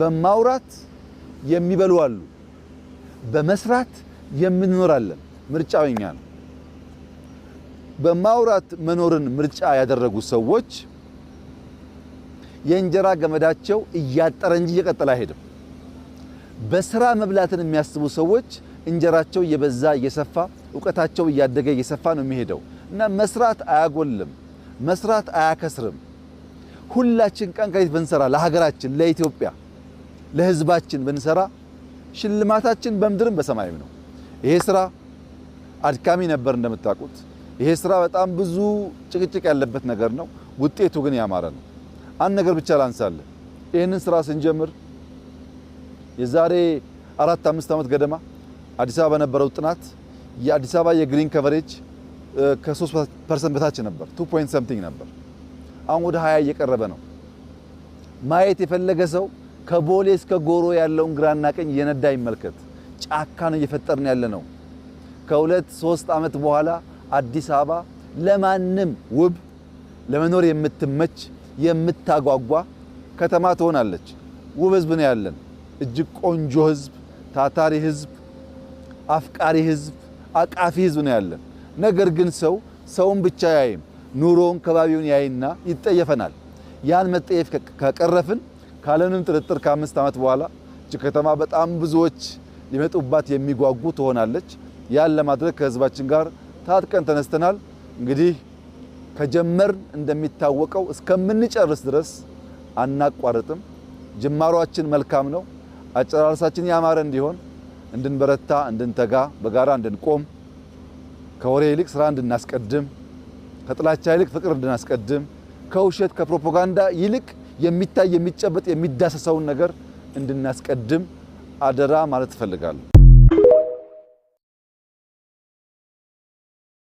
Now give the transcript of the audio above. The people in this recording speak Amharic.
በማውራት የሚበሉ አሉ። በመስራት የምንኖራለን። ምርጫው የኛ ነው። በማውራት መኖርን ምርጫ ያደረጉ ሰዎች የእንጀራ ገመዳቸው እያጠረ እንጂ እየቀጠለ አይሄድም። በስራ መብላትን የሚያስቡ ሰዎች እንጀራቸው እየበዛ እየሰፋ እውቀታቸው እያደገ እየሰፋ ነው የሚሄደው እና መስራት አያጎልም፣ መስራት አያከስርም። ሁላችን ቀን ከሌት ብንሰራ ለሀገራችን ለኢትዮጵያ ለህዝባችን ብንሰራ ሽልማታችን በምድርም በሰማይም ነው። ይሄ ስራ አድካሚ ነበር እንደምታውቁት። ይሄ ስራ በጣም ብዙ ጭቅጭቅ ያለበት ነገር ነው። ውጤቱ ግን ያማረ ነው። አንድ ነገር ብቻ ላንሳለን። ይህንን ስራ ስንጀምር የዛሬ አራት አምስት ዓመት ገደማ አዲስ አበባ በነበረው ጥናት የአዲስ አበባ የግሪን ከቨሬጅ ከ3% በታች ነበር፣ 2 ፖይንት ሰምቲንግ ነበር። አሁን ወደ 20 እየቀረበ ነው። ማየት የፈለገ ሰው ከቦሌ እስከ ጎሮ ያለውን ግራና ቀኝ የነዳ ይመልከት። ጫካ ነው እየፈጠርን ያለ ነው። ከሁለት ሶስት ዓመት በኋላ አዲስ አበባ ለማንም ውብ፣ ለመኖር የምትመች የምታጓጓ ከተማ ትሆናለች። ውብ ህዝብ ነው ያለን። እጅግ ቆንጆ ህዝብ፣ ታታሪ ህዝብ፣ አፍቃሪ ህዝብ፣ አቃፊ ህዝብ ነው ያለን። ነገር ግን ሰው ሰውን ብቻ ያይም፣ ኑሮውን ከባቢውን ያይና ይጠየፈናል። ያን መጠየፍ ከቀረፍን ካለንም ጥርጥር ከአምስት ዓመት በኋላ እች ከተማ በጣም ብዙዎች ሊመጡባት የሚጓጉ ትሆናለች። ያን ለማድረግ ከህዝባችን ጋር ታጥቀን ተነስተናል። እንግዲህ ከጀመርን እንደሚታወቀው እስከምንጨርስ ድረስ አናቋርጥም። ጅማሯችን መልካም ነው። አጨራረሳችን ያማረ እንዲሆን እንድንበረታ፣ እንድንተጋ፣ በጋራ እንድንቆም፣ ከወሬ ይልቅ ስራ እንድናስቀድም፣ ከጥላቻ ይልቅ ፍቅር እንድናስቀድም፣ ከውሸት ከፕሮፓጋንዳ ይልቅ የሚታይ የሚጨበጥ የሚዳሰሰውን ነገር እንድናስቀድም አደራ ማለት እፈልጋለሁ።